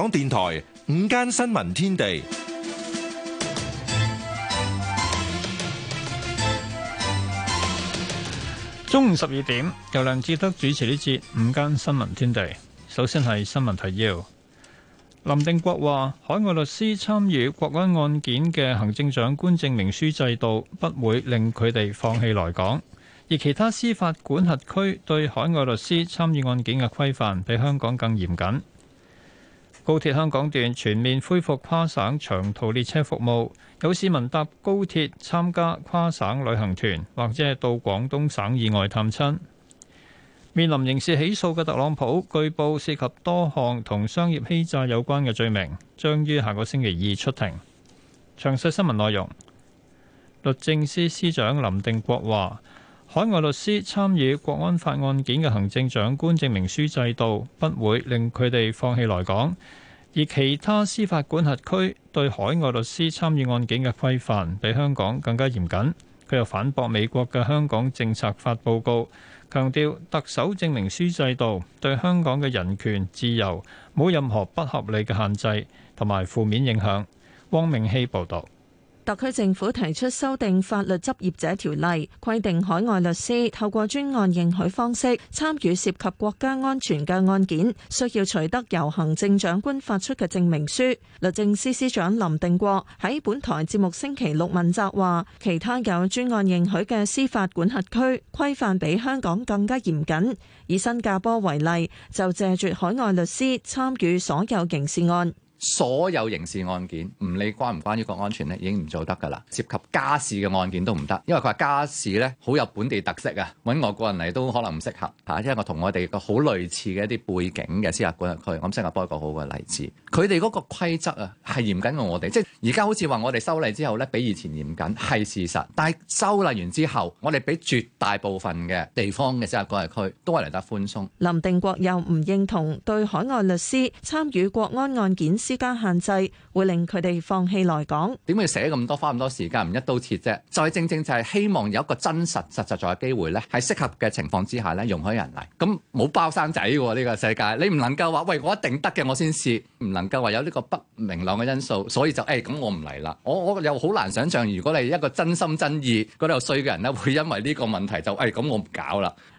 港電台午間新聞天地，中午十二點，由梁志德主持呢節午間新聞天地。首先係新聞提要，林定國話，海外律師參與國安案件嘅行政長官證明書制度，不會令佢哋放棄來港；而其他司法管轄區對海外律師參與案件嘅規範，比香港更嚴謹。高鐵香港段全面恢復跨省長途列車服務，有市民搭高鐵參加跨省旅行團，或者係到廣東省以外探親。面臨刑事起訴嘅特朗普，據報涉及多項同商業欺詐有關嘅罪名，將於下個星期二出庭。詳細新聞內容，律政司司長林定國話。海外律師參與國安法案件嘅行政長官證明書制度，不會令佢哋放棄來港；而其他司法管轄區對海外律師參與案件嘅規範比香港更加嚴謹，佢又反駁美國嘅《香港政策法》報告，強調特首證明書制度對香港嘅人權自由冇任何不合理嘅限制同埋負面影響，汪明希報道。特區政府提出修訂法律執業者條例，規定海外律師透過專案認許方式參與涉及國家安全嘅案件，需要取得由行政長官發出嘅證明書。律政司司長林定國喺本台節目星期六問責話，其他有專案認許嘅司法管轄區規範比香港更加嚴謹，以新加坡為例，就謝絕海外律師參與所有刑事案。所有刑事案件，唔理關唔關於國安全呢已經唔做得㗎啦。涉及家事嘅案件都唔得，因為佢話家事呢好有本地特色啊，揾外國人嚟都可能唔適合嚇。因為我同我哋個好類似嘅一啲背景嘅司法管轄區，我諗新加坡一個好嘅例子，佢哋嗰個規則啊係嚴謹過我哋。即係而家好似話我哋修例之後呢，比以前嚴謹係事實，但係修例完之後，我哋俾絕大部分嘅地方嘅司法管轄區都係嚟得寬鬆。林定國又唔認同對海外律師參與國安案件。之間限制會令佢哋放棄來港？點解要寫咁多，花咁多時間，唔一刀切啫？就係、是、正正就係希望有一個真實實實在在嘅機會咧，係適合嘅情況之下咧，容許人嚟。咁冇包生仔嘅呢、啊這個世界，你唔能夠話喂，我一定得嘅，我先試。唔能夠話有呢個不明朗嘅因素，所以就誒咁、哎，我唔嚟啦。我我又好難想象，如果你一個真心真意覺得衰嘅人咧，會因為呢個問題就誒咁，哎、我唔搞啦。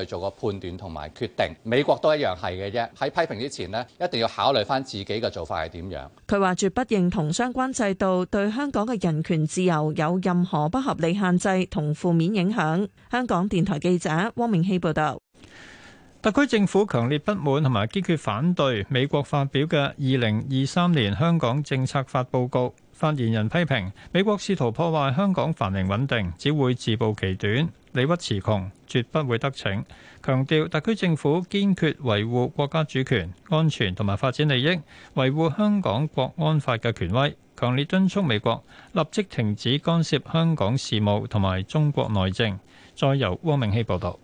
去做個判斷同埋決定，美國都一樣係嘅啫。喺批評之前咧，一定要考慮翻自己嘅做法係點樣。佢話：絕不認同相關制度對香港嘅人權自由有任何不合理限制同負面影響。香港電台記者汪明希報道，特區政府強烈不滿同埋堅決反對美國發表嘅二零二三年香港政策法報告。發言人批評美國試圖破壞香港繁榮穩定，只會自暴其短，理屈詞窮，絕不會得逞。強調特區政府堅決維護國家主權、安全同埋發展利益，維護香港國安法嘅權威，強烈敦促美國立即停止干涉香港事務同埋中國內政。再由汪明熙報道。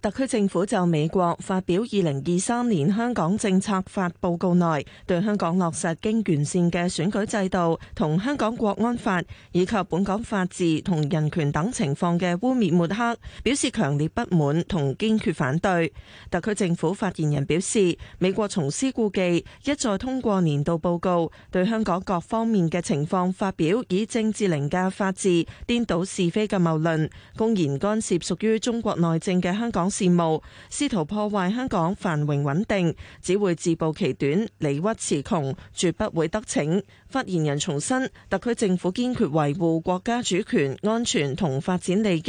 特區政府就美國發表二零二三年香港政策法報告內對香港落實經完善嘅選舉制度同香港國安法以及本港法治同人權等情況嘅污衊抹黑，表示強烈不滿同堅決反對。特區政府發言人表示，美國重施故技，一再通過年度報告對香港各方面嘅情況發表以政治凌駕法治、顛倒是非嘅謬論，公然干涉屬於中國內政嘅香港。事務試圖破壞香港繁榮穩定，只會自暴其短、理屈詞窮，絕不會得逞。發言人重申，特區政府堅決維護國家主權、安全同發展利益，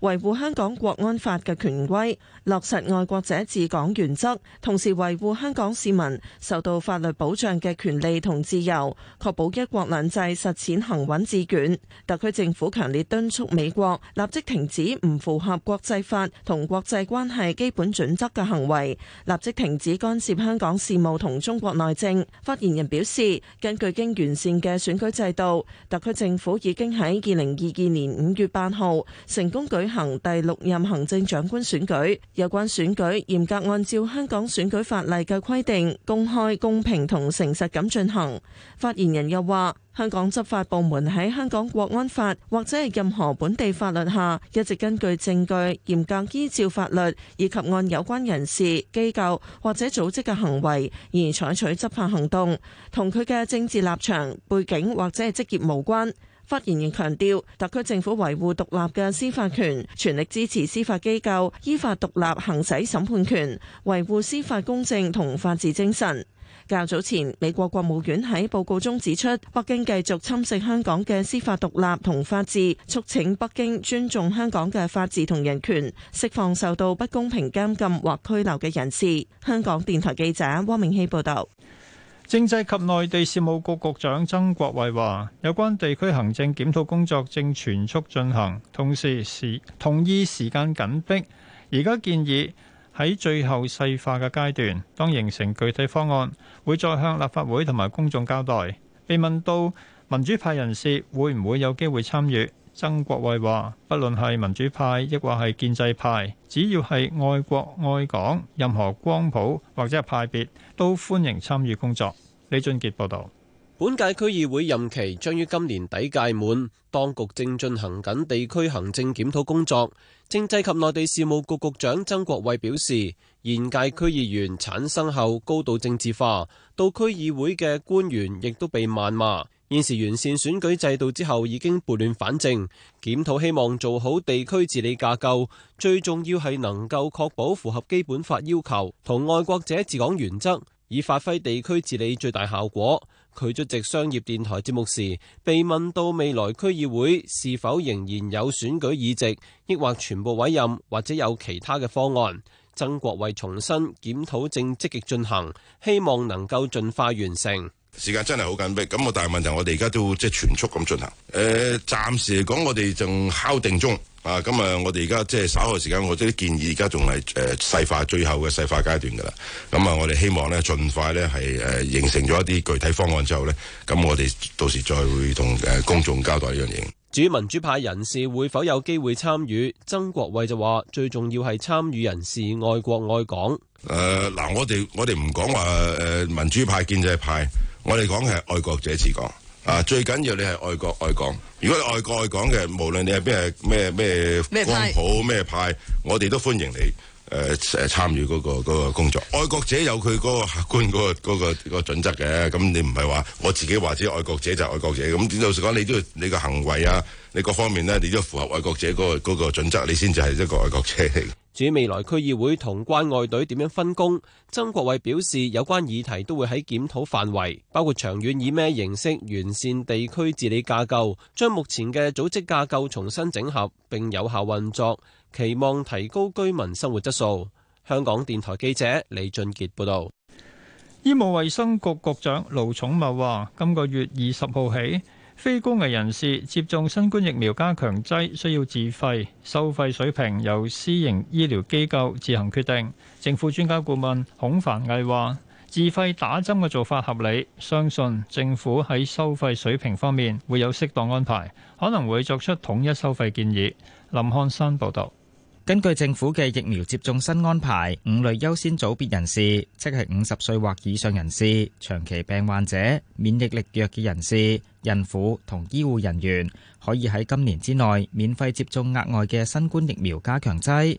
維護香港國安法嘅權威，落實愛國者治港原則，同時維護香港市民受到法律保障嘅權利同自由，確保一國兩制實踐行穩致遠。特區政府強烈敦促美國立即停止唔符合國際法同國際關係基本準則嘅行為，立即停止干涉香港事務同中國內政。發言人表示，根據經完善嘅選舉制度，特區政府已經喺二零二二年五月八號成功舉行第六任行政長官選舉。有關選舉嚴格按照香港選舉法例嘅規定，公開、公平同誠實咁進行。發言人又話：香港執法部門喺香港國安法或者係任何本地法律下，一直根據證據，嚴格依照法律以及按有關人士、機構或者組織嘅行為而採取執法行動，同佢嘅政治立場、背景或者係職業無關。發言人強調，特區政府維護獨立嘅司法權，全力支持司法機構依法獨立行使審判權，維護司法公正同法治精神。較早前，美國國務院喺報告中指出，北京繼續侵蝕香港嘅司法獨立同法治，促請北京尊重香港嘅法治同人權，釋放受到不公平監禁或拘留嘅人士。香港電台記者汪明熙報導。政制及內地事務局局，局長曾國衛話：有關地區行政檢討工作正全速進行，同時時同意時間緊迫。而家建議。喺最後細化嘅階段，當形成具體方案，會再向立法會同埋公眾交代。被問到民主派人士會唔會有機會參與，曾國衛話：不論係民主派亦或係建制派，只要係愛國愛港，任何光譜或者係派別都歡迎參與工作。李俊傑報導。本屆區議會任期將於今年底屆滿，當局正進行緊地區行政檢討工作。政制及內地事務局局，局長曾國衛表示，現屆區議員產生後高度政治化，到區議會嘅官員亦都被謾罵。現時完善選舉制度之後，已經撥亂反正，檢討希望做好地區治理架構，最重要係能夠確保符合基本法要求同外國者治港原則，以發揮地區治理最大效果。佢出席商業電台節目時，被問到未來區議會是否仍然有選舉議席，抑或全部委任，或者有其他嘅方案。曾國衛重申檢討正積極進行，希望能夠盡快完成。時間真係好緊迫，咁個大問題我哋而家都即係全速咁進行。誒、呃，暫時嚟講、啊嗯，我哋仲敲定中啊，咁啊，我哋而家即係稍後時間，我哋啲建議而家仲係誒細化最後嘅細化階段噶啦。咁啊，我哋希望呢，盡快呢係誒、呃、形成咗一啲具體方案之後呢。咁、嗯、我哋到時再會同誒公眾交代呢樣嘢。至於民主派人士會否有機會參與？曾國衛就話，最重要係參與人士愛國愛港。誒、呃，嗱、呃，我哋我哋唔講話誒民主派建制派。我哋講係愛國者治港，啊最緊要是你係愛國愛港。如果你愛國愛港嘅，無論你係邊係咩咩光譜咩派，我哋都歡迎你誒誒、呃、參與嗰、那個、那個工作。愛國者有佢嗰個客觀嗰、那個嗰個、那個準則嘅。咁你唔係話我自己話自己愛國者就愛國者。咁點就講你都要你個行為啊，你各方面咧，你都符合愛國者嗰、那個嗰、那個準則，你先至係一個愛國者。至於未來區議會同關愛隊點樣分工，曾國衛表示有關議題都會喺檢討範圍，包括長遠以咩形式完善地區治理架構，將目前嘅組織架構重新整合並有效運作，期望提高居民生活質素。香港電台記者李俊杰報道。醫務衛生局局,局長盧寵茂話：今個月二十號起。非高危人士接種新冠疫苗加強劑需要自費，收費水平由私營醫療機構自行決定。政府專家顧問孔凡毅話，自費打針嘅做法合理，相信政府喺收費水平方面會有適當安排，可能會作出統一收費建議。林漢山報道。根據政府嘅疫苗接種新安排，五類優先組別人士，即係五十歲或以上人士、長期病患者、免疫力弱嘅人士、孕婦同醫護人員，可以喺今年之內免費接種額外嘅新冠疫苗加強劑。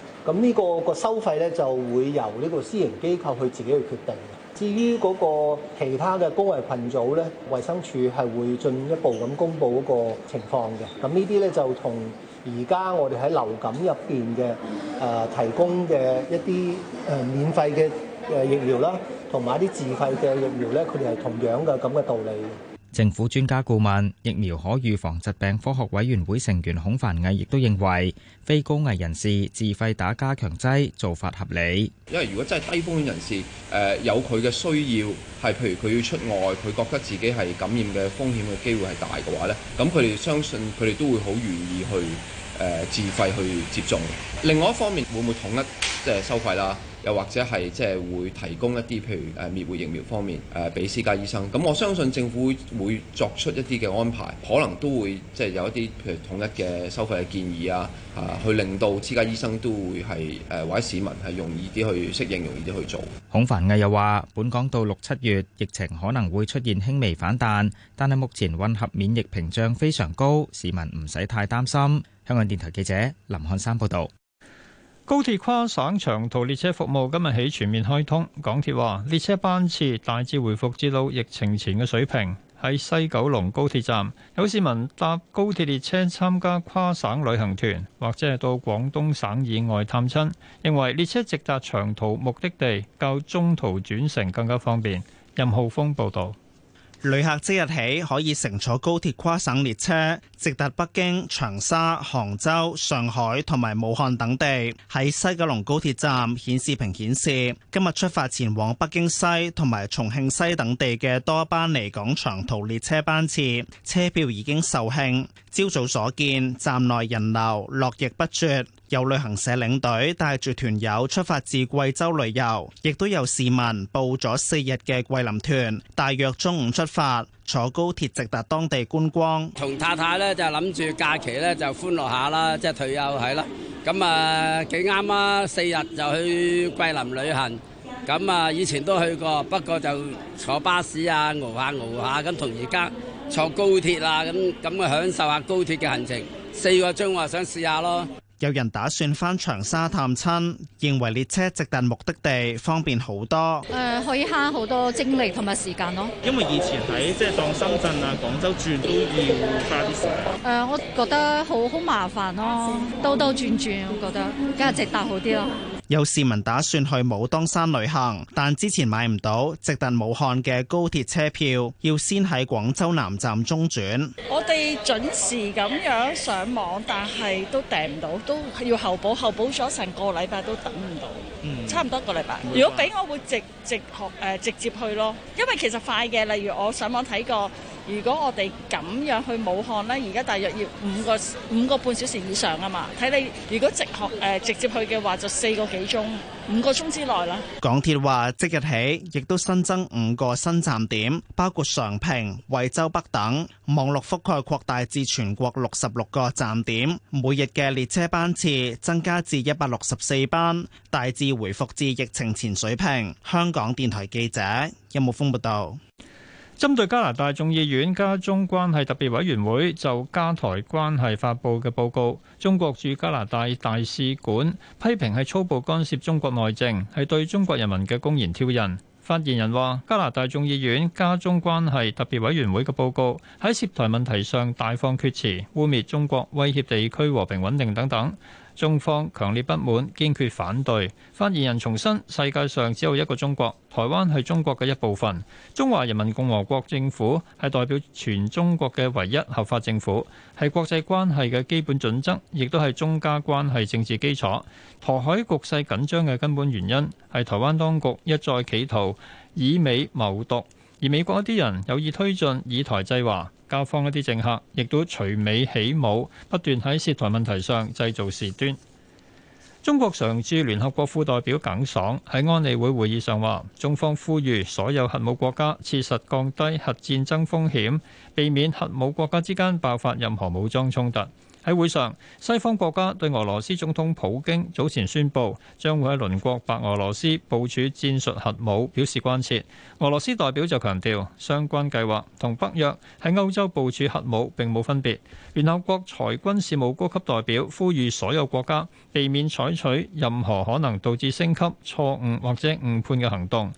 咁呢、呢個、嗰個收費呢，就會由呢個私營機構去自己去決定嘅。至於嗰個其他嘅高危群組呢，衛生署係會進一步咁公布嗰個情況嘅。咁呢啲呢，就同而家我哋喺流感入邊嘅誒提供嘅一啲誒、呃、免費嘅誒疫苗啦，同埋一啲自費嘅疫苗呢，佢哋係同樣嘅咁嘅道理。政府專家顧問疫苗可預防疾病科學委員會成員孔凡毅亦都認為，非高危人士自費打加強劑做法合理。因為如果真係低風險人士，誒有佢嘅需要，係譬如佢要出外，佢覺得自己係感染嘅風險嘅機會係大嘅話呢，咁佢哋相信佢哋都會好願意去誒自費去接種。另外一方面，會唔會統一即係收費啦？又或者係即係會提供一啲譬如誒滅活疫苗方面誒俾私家醫生，咁我相信政府會作出一啲嘅安排，可能都會即係有一啲譬如統一嘅收費嘅建議啊，啊，去令到私家醫生都會係誒、啊、或者市民係容易啲去適應，容易啲去做。孔繁毅又話：本港到六七月疫情可能會出現輕微反彈，但係目前混合免疫屏障非常高，市民唔使太擔心。香港電台記者林漢山報道。高鐵跨省長途列車服務今日起全面開通，港鐵話列車班次大致回復至到疫情前嘅水平。喺西九龍高鐵站，有市民搭高鐵列車參加跨省旅行團，或者係到廣東省以外探親，認為列車直達長途目的地較中途轉乘更加方便。任浩峰報道。旅客即日起可以乘坐高鐵跨省列車，直達北京、長沙、杭州、上海同埋武漢等地。喺西九龍高鐵站顯示屏顯示，今日出發前往北京西同埋重慶西等地嘅多班離港長途列車班次，車票已經售罄。朝早所見，站內人流絡繹不絕，有旅行社領隊帶住團友出發至貴州旅遊，亦都有市民報咗四日嘅桂林團，大約中午出發，坐高鐵直達當地觀光。同太太咧就諗住假期咧就歡樂下啦，即係退休係啦，咁啊幾啱啊，四日就去桂林旅行。咁啊，以前都去過，不過就坐巴士啊，熬下熬下咁，同而家坐高鐵啊，咁咁啊享受下高鐵嘅行程。四個鐘話想試下咯。有人打算返長沙探親，認為列車直達目的地方便好多。誒、呃，可以慳好多精力同埋時間咯。因為以前喺即係當深圳啊、廣州轉都要花啲時間。誒、呃，我覺得好好麻煩咯，兜兜轉轉，我覺得梗係直達好啲咯。有市民打算去武當山旅行，但之前買唔到直達武漢嘅高鐵車票，要先喺廣州南站中轉。我哋準時咁樣上網，但係都訂唔到，都要候補，候補咗成個禮拜都等唔到。嗯。差唔多一個禮拜。如果俾我，我會直直學誒、呃、直接去咯，因為其實快嘅。例如我上網睇過，如果我哋咁樣去武漢呢，而家大約要五個五個半小時以上啊嘛。睇你如果直航誒、呃、直接去嘅話，就四個幾鐘。五個鐘之內啦。港鐵話即日起亦都新增五個新站點，包括常平、惠州北等，網絡覆蓋擴大至全國六十六個站點，每日嘅列車班次增加至一百六十四班，大致回復至疫情前水平。香港電台記者任木峰報道。針對加拿大眾議院加中關係特別委員會就加台關係發布嘅報告，中國駐加拿大大使館批評係粗暴干涉中國內政，係對中國人民嘅公然挑釁。發言人話：加拿大眾議院加中關係特別委員會嘅報告喺涉台問題上大放厥詞，污蔑中國威脅地區和平穩定等等。中方強烈不滿，堅決反對。發言人重申：世界上只有一個中國，台灣係中國嘅一部分。中華人民共和國政府係代表全中國嘅唯一合法政府，係國際關係嘅基本準則，亦都係中加關係政治基礎。台海局勢緊張嘅根本原因係台灣當局一再企圖以美謀獨，而美國一啲人有意推進以台制華。交方一啲政客亦都隨美起舞，不斷喺涉台問題上製造事端。中國常駐聯合國副代表耿爽喺安理會會議上話：中方呼籲所有核武國家切實降低核戰爭風險，避免核武國家之間爆發任何武裝衝突。喺會上，西方國家對俄羅斯總統普京早前宣布將會喺鄰國白俄羅斯部署戰術核武表示關切。俄羅斯代表就強調，相關計劃同北約喺歐洲部署核武並冇分別。聯合國裁軍事務高級代表呼籲所有國家避免採取任何可能導致升級、錯誤或者誤判嘅行動。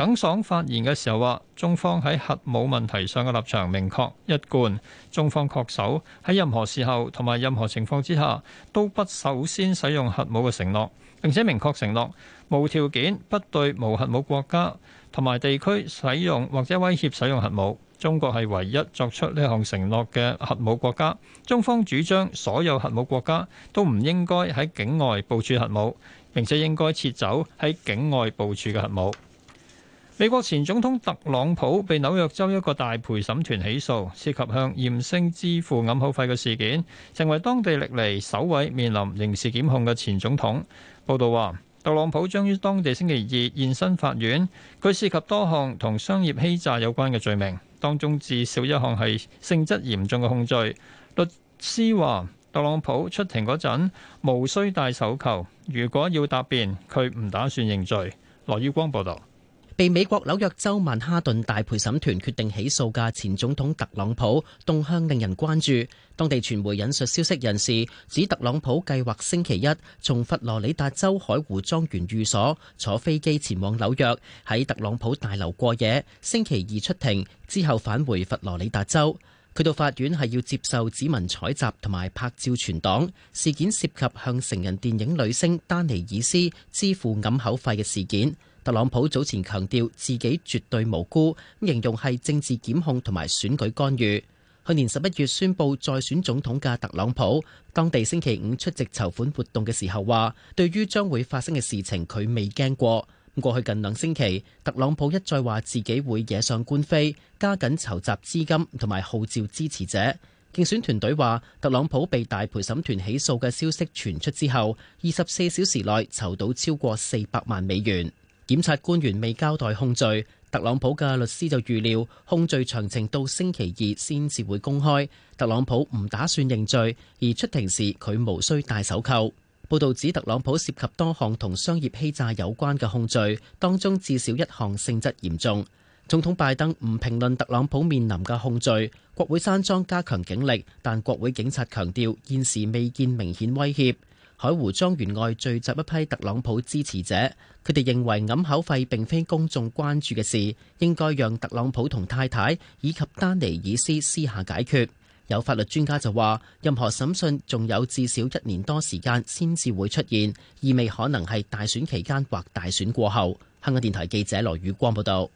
耿爽發言嘅時候話，中方喺核武問題上嘅立場明確一貫，中方確守喺任何時候同埋任何情況之下都不首先使用核武嘅承諾，並且明確承諾無條件不對無核武國家同埋地區使用或者威脅使用核武。中國係唯一作出呢項承諾嘅核武國家。中方主張所有核武國家都唔應該喺境外部署核武，並且應該撤走喺境外部署嘅核武。美國前總統特朗普被紐約州一個大陪審團起訴，涉及向艷星支付掩口費嘅事件，成為當地歷嚟首位面臨刑事檢控嘅前總統。報導話，特朗普將於當地星期二現身法院，佢涉及多項同商業欺詐有關嘅罪名，當中至少一項係性質嚴重嘅控罪。律師話，特朗普出庭嗰陣無需戴手銬，如果要答辯，佢唔打算認罪。羅宇光報道。被美國紐約州曼哈頓大陪審團決定起訴嘅前總統特朗普動向令人關注。當地傳媒引述消息人士指，特朗普計劃星期一從佛羅里達州海湖莊園寓所坐飛機前往紐約，喺特朗普大樓過夜，星期二出庭，之後返回佛羅里達州。佢到法院係要接受指紋採集同埋拍照存檔。事件涉及向成人電影女星丹尼爾斯支付揞口費嘅事件。特朗普早前強調自己絕對無辜，形容係政治檢控同埋選舉干預。去年十一月宣佈再選總統嘅特朗普，當地星期五出席籌款活動嘅時候話，對於將會發生嘅事情，佢未驚過，過去近兩星期，特朗普一再話自己會惹上官非，加緊籌集資金同埋號召支持者。競選團隊話，特朗普被大陪審團起訴嘅消息傳出之後二十四小時內籌到超過四百萬美元。檢察官員未交代控罪，特朗普嘅律師就預料控罪詳情到星期二先至會公開。特朗普唔打算認罪，而出庭時佢無需戴手扣。報道指特朗普涉及多項同商業欺詐有關嘅控罪，當中至少一項性質嚴重。總統拜登唔評論特朗普面臨嘅控罪。國會山莊加強警力，但國會警察強調現時未見明顯威脅。海湖莊園外聚集一批特朗普支持者，佢哋認為揞口費並非公眾關注嘅事，應該讓特朗普同太太以及丹尼爾斯私下解決。有法律專家就話，任何審訊仲有至少一年多時間先至會出現，意味可能係大選期間或大選過後。香港電台記者羅宇光報道。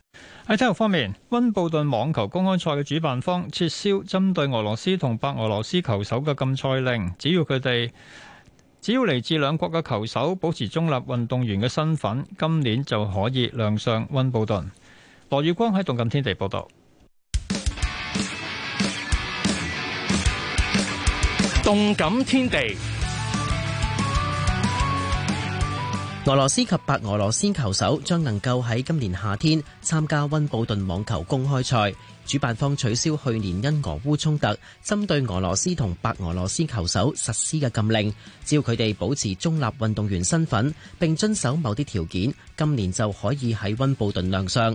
喺體育方面，温布頓網球公開賽嘅主辦方撤銷針對俄羅斯同白俄羅斯球手嘅禁賽令，只要佢哋，只要嚟自兩國嘅球手保持中立運動員嘅身份，今年就可以亮相温布頓。羅宇光喺動感天地報道。動感天地。俄羅斯及白俄羅斯球手將能夠喺今年夏天參加溫布頓網球公開賽。主辦方取消去年因俄烏衝突針對俄羅斯同白俄羅斯球手實施嘅禁令，只要佢哋保持中立運動員身份，並遵守某啲條件，今年就可以喺溫布頓亮相。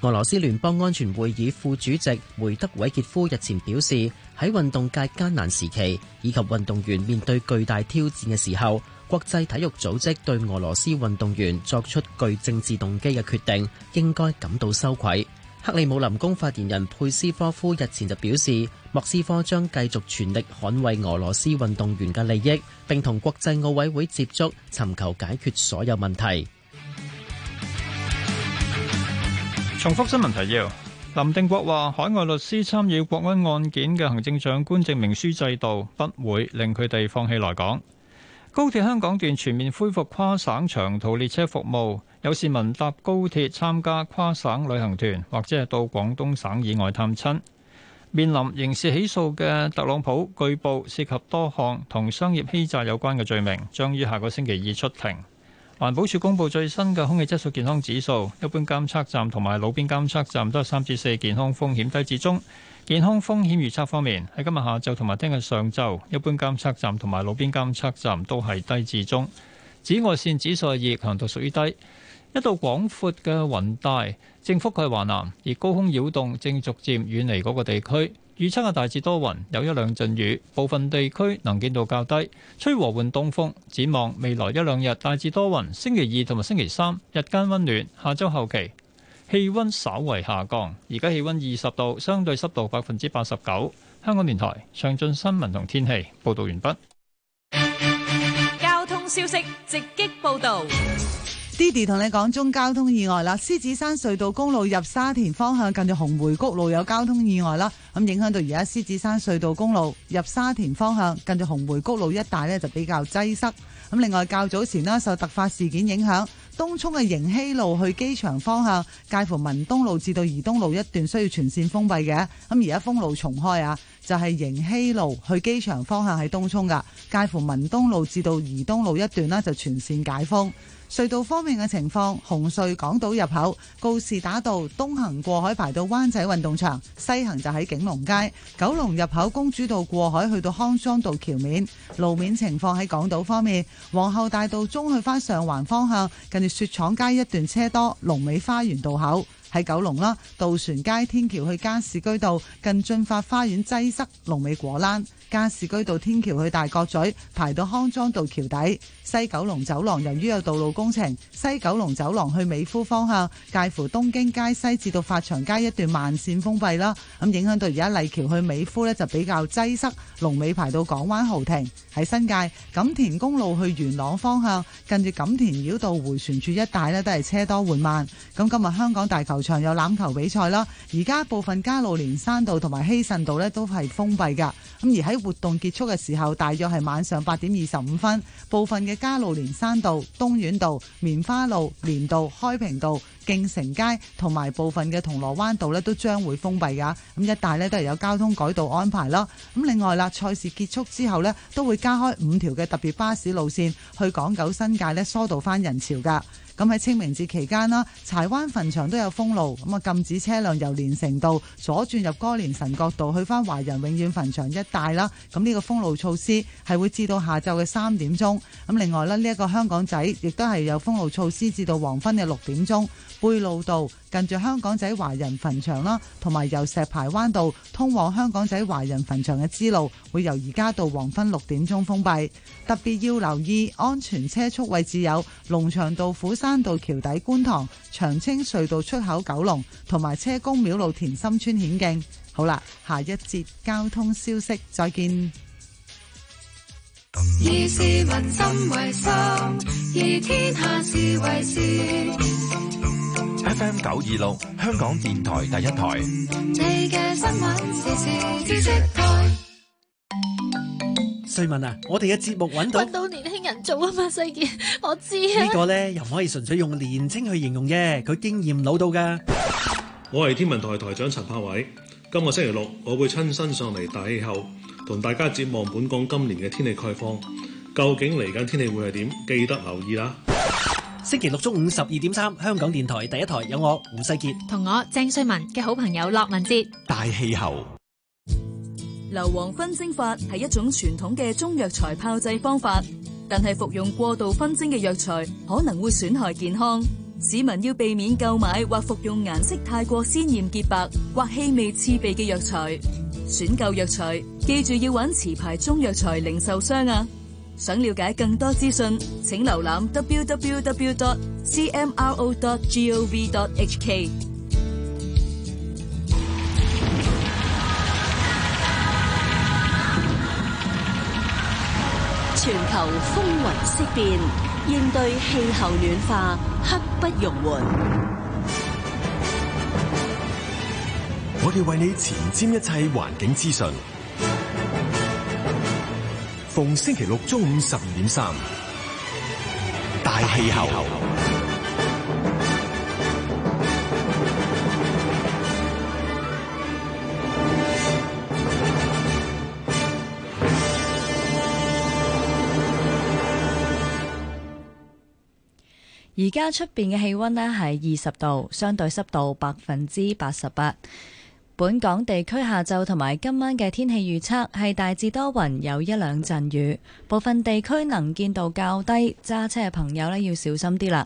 俄羅斯聯邦安全會議副主席梅德韋傑夫日前表示，喺運動界艱難時期以及運動員面對巨大挑戰嘅時候，國際體育組織對俄羅斯運動員作出具政治動機嘅決定，應該感到羞愧。克里姆林宮發言人佩斯科夫日前就表示，莫斯科將繼續全力捍衛俄羅斯運動員嘅利益，並同國際奧委會接觸，尋求解決所有問題。重複新聞提要。林定國話，海外律師參與國安案件嘅行政長官證明書制度，不會令佢哋放棄來港。高鐵香港段全面恢復跨省長途列車服務，有市民搭高鐵參加跨省旅行團，或者係到廣東省以外探親。面臨刑事起訴嘅特朗普，據報涉及多項同商業欺詐有關嘅罪名，將於下個星期二出庭。環保署公布最新嘅空氣質素健康指數，一般監測站同埋路邊監測站都係三至四，4，健康風險低至中。健康風險預測方面，喺今日下晝同埋聽日上晝，一般監測站同埋路邊監測站都係低至中。紫外線指數係二，強度屬於低。一道廣闊嘅雲帶正覆蓋華南，而高空擾動正逐漸遠，遠離嗰個地區。預測係大致多雲，有一兩陣雨，部分地區能見度較低，吹和緩東風。展望未來一兩日大致多雲，星期二同埋星期三日間溫暖，下周後期氣溫稍為下降。而家氣溫二十度，相對濕度百分之八十九。香港電台上進新聞同天氣報道完畢。交通消息直擊報道。Didi 同你講，中交通意外啦，獅子山隧道公路入沙田方向近住紅梅谷路有交通意外啦，咁影響到而家獅子山隧道公路入沙田方向近住紅梅谷路一帶呢，就比較擠塞。咁另外較早前咧受突發事件影響，東涌嘅盈熙路去機場方向，介乎文東路至到怡東路一段需要全線封閉嘅，咁而家封路重開啊，就係、是、盈熙路去機場方向喺東涌噶，介乎文東路至到怡東路一段呢，就全線解封。隧道方面嘅情況，紅隧港島入口告士打道東行過海排到灣仔運動場，西行就喺景隆街；九龍入口公主道過海去到康莊道橋面。路面情況喺港島方面，皇后大道中去返上環方向，近住雪廠街一段車多，龍尾花園道口喺九龍啦；渡船街天橋去加士居道，近進發花園擠塞，龍尾果欄；加士居道天橋去大角咀，排到康莊道橋底。西九龍走廊由於有道路工程，西九龍走廊去美孚方向，介乎東京街西至到發祥街一段慢線封閉啦。咁影響到而家荔橋去美孚呢，就比較擠塞，龍尾排到港灣豪庭。喺新界，錦田公路去元朗方向，近住錦田繞道回旋處一帶呢，都係車多緩慢。咁今日香港大球場有欖球比賽啦，而家部分加路連山道同埋希慎道呢，都係封閉噶。咁而喺活動結束嘅時候，大約係晚上八點二十五分，部分嘅。加路連山道、東苑道、棉花路、連道、開平道、敬誠街同埋部分嘅銅鑼灣道咧，都將會封閉噶。咁一帶咧都係有交通改道安排咯。咁另外啦，賽事結束之後咧，都會加開五條嘅特別巴士路線去港九新界呢疏導翻人潮噶。咁喺清明節期間啦，柴灣墳場都有封路，咁啊禁止車輛由連城道左轉入歌連臣角道去翻華人永遠墳場一帶啦。咁、這、呢個封路措施係會至到下晝嘅三點鐘。咁另外呢，呢、這、一個香港仔亦都係有封路措施，至到黃昏嘅六點鐘，貝璐道。近住香港仔華人墳場啦，同埋由石排灣道通往香港仔華人墳場嘅支路，會由而家到黃昏六點鐘封閉。特別要留意安全車速位置，有龍翔道、虎山道、橋底、觀塘、長青隧道出口九龍、九龍同埋車公廟路、田心村顯徑。好啦，下一節交通消息，再見。以市民心為心，以天下事為事。FM 九二六，香港電台第一台。新聞啊，我哋嘅節目揾到。到年輕人做啊嘛，世傑，我知。呢個咧又唔可以純粹用年青去形容嘅，佢經驗老到噶。我係天文台台長陳柏偉，今個星期六我會親身上嚟大氣候，同大家展望本港今年嘅天氣概況，究竟嚟緊天氣會係點？記得留意啦。星期六中午十二點三，香港電台第一台有我胡世杰，同我鄭瑞文嘅好朋友駱文哲。大氣候，硫磺分蒸熏蒸法係一種傳統嘅中藥材炮製方法，但係服用過度熏蒸嘅藥材可能會損害健康。市民要避免購買或服用顏色太過鮮豔、潔白或氣味刺鼻嘅藥材。選購藥材，記住要揾持牌中藥材零售商啊！想了解更多資訊，請瀏覽 www.cmro.gov.hk。全球風雲色變，應對氣候暖化，刻不容緩。我哋為你前瞻一切環境資訊。逢星期六中午十二點三，大氣候。而家出邊嘅氣溫呢係二十度，相對濕度百分之八十八。本港地區下晝同埋今晚嘅天氣預測係大致多雲，有一兩陣雨，部分地區能見度較低，揸車嘅朋友呢要小心啲啦。